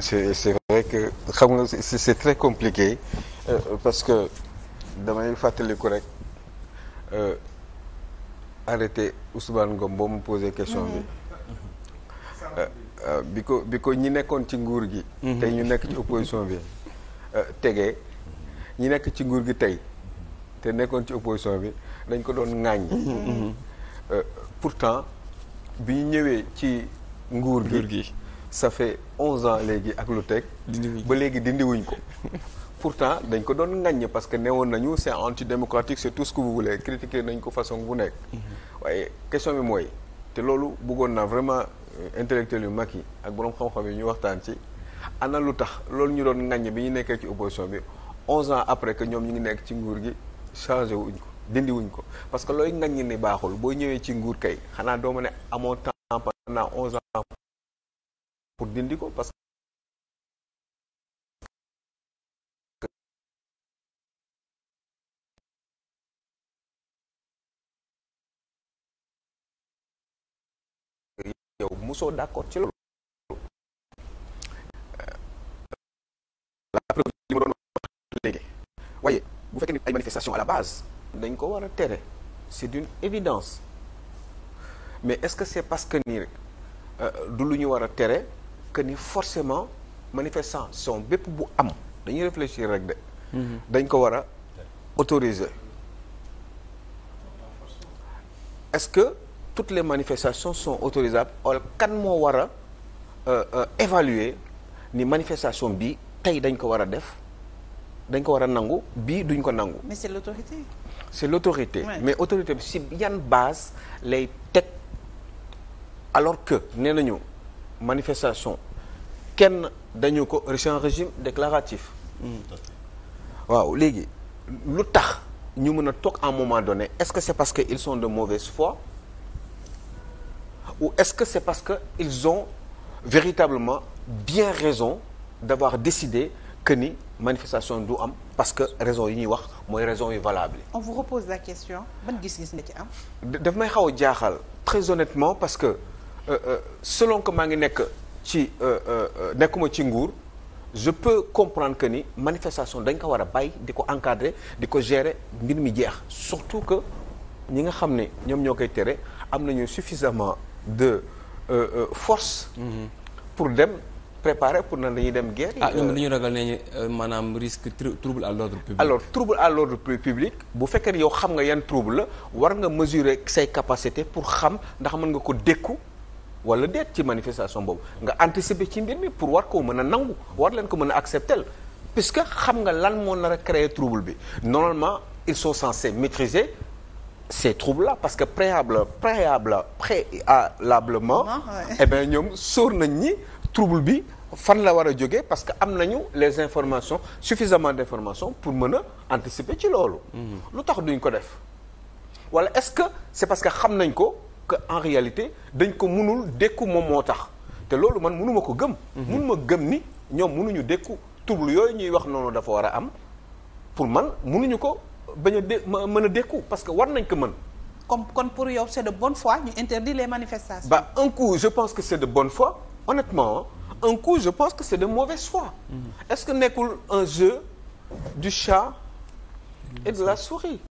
c'est c'est xam nga c'est très compliqué euh, parce que damay fàttaliku rek euh, arrêté Ousmane Ngom boo mu posé question bi mm-hmm. euh, bi ko bi ko ñi nekkoon ci nguur gi mm-hmm. tey ñu nekk ci opposition bi tegee ñi nekk ci nguur gi tey te nekkoon ci opposition bi dañ ko doon ŋàññ mm-hmm. pourtant bi ñu ñëwee ci nguur gi ça fait onze ans léegi ak lu teg. ba léegi dindiwuñ ko. pourtant dañ ko doon ŋaññ parce que newoon nañu c'est antidémocratique c'est tout ce que vous voulez critiquer nañ ko façon bu nekk. Mhm. waaye question bi mooy te loolu bëggoon naa vraiment euh, intellectuel yu mag yi ak boroom xam-xam yi ñu waxtaan ci. ana lu tax loolu ñu doon ŋaññ bi ñu nekkee ci opposition bi onze ans après que ñoom ñu ngi nekk ci nguur gi changé wuñ ko dindi wuñ ko parce que looy ŋaññ ni baaxul boo ñëwee ci nguur kay xanaa doo ne amoo temps pendant onze ans. pour dindi ko parce que yow musoo d'accord ci loolu euh, la preuve li ma doon léegi waaye bu fekkee ni ay manifestation à la base dañ ko war a tere c'est d'une évidence mais est-ce que c'est parce que nii rek euh, du lu ñu war a tere que ni forcément manifestant son bépp bu am dañuy réfléchir rek de. Mhm. dañ ko war a autoriser. est-ce que toutes les manifestations sont autorisables wala kan moo war a euh, euh, évaluer ni manifestation bi tey dañ ko war a def dañ ko war a nangu bii duñ ko nangu. mais c'est l'autorité. c'est l'autorité ouais. mais autorité bi si yan base lay teg alors que nee nañu. manifestation kenn dañu ko c'est régime déclaratif waaw léegi lu tax ñu mën a toog à un moment donné est-ce que c'est parce que ils sont de mauvaise foi ou est-ce que c'est parce que ils ont véritablement bien raison d'avoir décidé que ni manifestation du am parce que raison yi ñuy wax mooy raison yu valable on vous question ban gis-gis nga ci am daf may xaw a jaaxal très honnêtement parce que Euh, euh, selon que maa ngi nekk ci euh, nekkuma ci nguur je peux comprendre que ni manifestation dañ ko war a bàyyi di ko encadrer di ko gérer mbir mi jeex surtout que ñi nga xam ne ñoom ñoo koy tere am nañu suffisamment de force. Mhm. pour dem préparer pour nan dañuy dem guerre. ah ñoom dañu ragal ne maanaam risque trouble à l'ordre public. alors trouble à l'ordre public bu fekkee yow xam nga yan trouble la war nga mesurer say capacité pour xam ndax mën nga ko dékku. wala déet ci manifestation boobu nga anticiper ci mbir mi pour war koo mën a nangu war leen ko mën a accepter puisque xam nga lan moo nar a créer trouble bi normalement ils sont censés maîtriser ces troubles là parce que préalable préalable préalablement eh bien ñoom sóor nañ ñi trouble bi fan la war a jóge parce que am nañu les informations suffisamment d'informations pour mën a anticiper ci loolu mhm. lu tax duñ ko def wala est-ce que c'est parce que xam nañ ko que en réalité dañ ko mënul dékku moom moo tax te loolu man mënuma ko gëm mënuma mhm. gëm ni ñoom mënuñu dékku trouble yooyu ñuy wax noonu dafa war a am pour man mënuñu ko bañ a dé mën a dékku parce que war nañ ko mën comme kon pour yow c'est de bonne foi ñu interdit les manifestations bah un coup je pense que c'est de bonne foi honnêtement un coup je pense que c'est de mauvaise foi mhm. est-ce que nekkul un jeu du chat et la souris